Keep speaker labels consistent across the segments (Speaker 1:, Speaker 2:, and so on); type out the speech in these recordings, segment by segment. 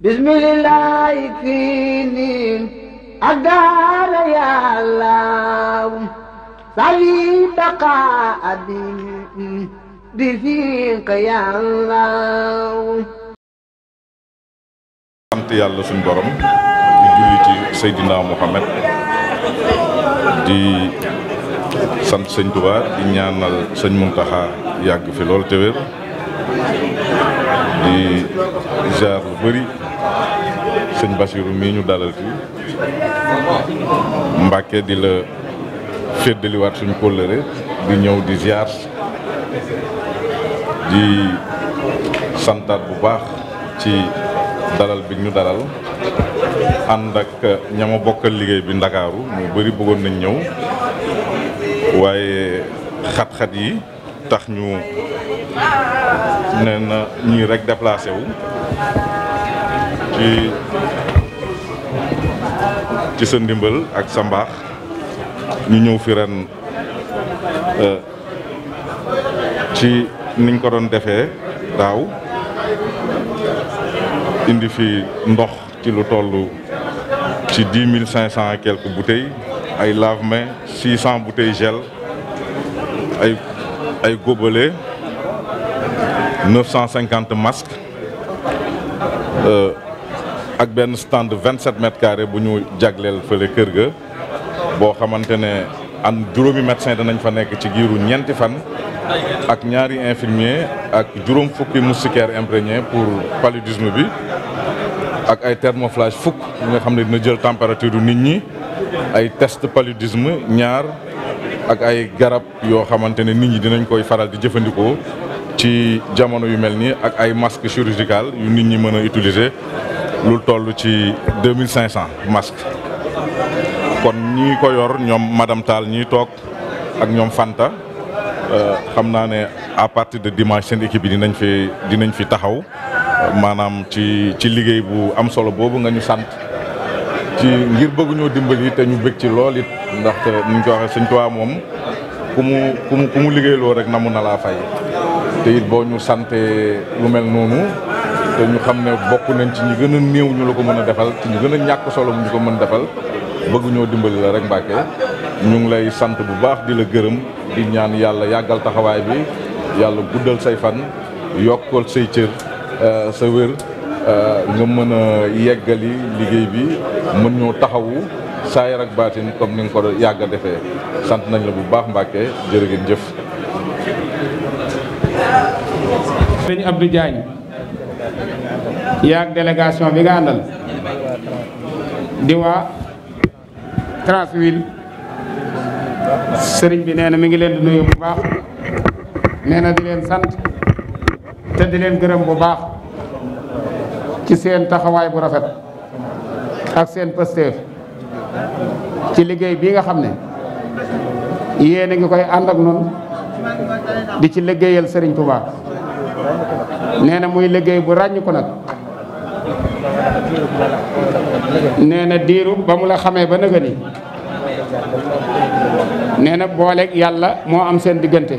Speaker 1: بسم الله يكفيني أدار يا الله صلي بقاء أبي برفيق يا الله
Speaker 2: sant yàlla suñ borom di julli ci Seydina Muhammad di sant sëñ Tuubaa di ñaanal sëñ Muntaxa yàgg fi te wér di jaar lu bëri sëñ basiru mii ñu dalal fii Mbàkke di la féddaliwaat suñ kóllëre di ñëw di ziar di santaat bu baax ci dalal bi ñu dalal ànd ak ñama bokkal liggéey bi Ndakaaru mu bari bëggoon nañ ñëw waaye xat-xat yi tax ñu nee na ñii rek déplacé wu ci ci sa ndimbal ak sa mbaax ñu ñëw fi ren euh, ci niñ ko doon defee daaw indi fi ndox ci lu toll ci dix mille cinq cent et quelques ay lave-mains six cent bouteilles gel ay ay gobelets cinquante masques. Euh, ak benn stand 27 mètres carrés bu ñu jagleel fële kër ga boo xamante ne am juróomi médecin danañ fa nekk ci giiru ñeenti fan ak ñaari infirmier ak juróom fukki moustiquaire imprégné pour paludisme bi ak ay thermoflage fukk yi nga xam ne dina jël température yu nit ñi ay test paludisme ñaar ak ay garab yoo xamante ne nit ñi dinañ koy faral di jëfandikoo ci jamono yu mel nii ak ay masque chirurgical yu nit ñi mën a utiliser lu toll ci deux mille cinq cent masques kon ñi ko yor ñoom madame Tall ñi toog ak ñoom Fanta euh, xam naa ne à partir de dimanche seen équipe yi dinañ fi dinañ fi taxaw maanaam ci ci liggéey bu am solo boobu nga ñu sant ci ngir bëgguñoo ñoo dimbali te ñu bëgg ci lool it ndaxte nuñ ko waxee sëñ moom ku mu ku mu ku loo liggéeyloo rek namu na laa fay te boo ñu sante lu noonu. te ñu xam ne bokk nañ ci ñi gën a néew ñu la ko mën a defal ci ñu gën a ñàkk solo mu ñu ko mën defal bëgg ñoo dimbali la rek Mbàkke ñu ngi lay sant bu baax di la gërëm di ñaan yàlla yàggal taxawaay bi yàlla guddal say fan yokkal say cër euh, sa wér euh, nga mën a yeggali liggéey bi mën ñoo taxawu saayar ak baatin comme ni nga ko yàgg a defee sant nañ la bu baax Mbàkke jërë ngeen jëf. yaag délégation
Speaker 1: bi nga àndal di waa Transwil sëriñ bi nee na mi ngi leen di nuyu bu baax nee na di leen sant te di leen gërëm bu baax ci seen taxawaay bu rafet ak seen pësteef ci liggéey bi nga xam ne yéen a ngi koy ànd ak noonu di ci liggéeyal sëriñ Touba nee na muy liggéey bu ràññ ko nag nee na diiru ba mu la xamee ba nëga ni nee na booleeg yàlla moo am seen diggante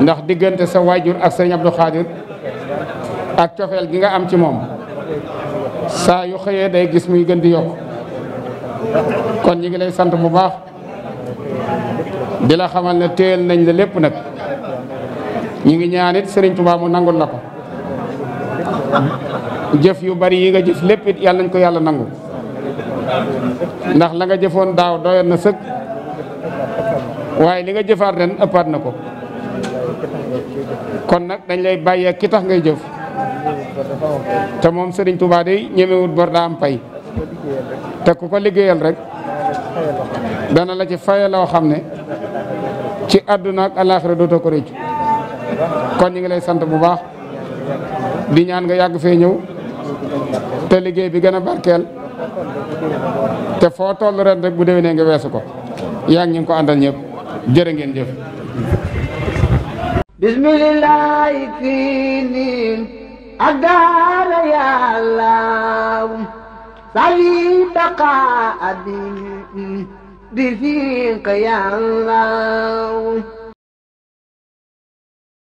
Speaker 1: ndax diggante sa waajur ak sëñ Abdou Khadir ak cofeel gi nga am ci moom saa yu xëyee day gis muy gën di yokk kon ñi ngi lay sant bu baax di la xamal ne téyel nañ la lépp nag ñi ngi ñaanit Serigne Touba mu nangul na ko jëf yu bari yi nga jëf lépp yàlla nañ ko yàlla nangu ndax la nga jëfoon daaw doyoon na sëkk waaye li nga jëfaat ren ëppaat na ko kon nag dañ lay bàyyeeg ki tax ngay jëf te moom Serigne Touba day ñemewut bor daa am pay te ku ko liggéeyal rek dana la ci faye loo xam ne ci àdduna ak alaaxira dootoo ko réccu kon ñu ngi lay sant bu baax di ñaan nga yàgg fee ñëw te liggéey bi gën a barkeel te foo toll ren rek bu déwénee nga weesu ko yaa ngi ñu ko àndal ñëpp jërë ngeen jëf. bismillahi fiini agara ya allah sali baqa abi bi fiqa ya allah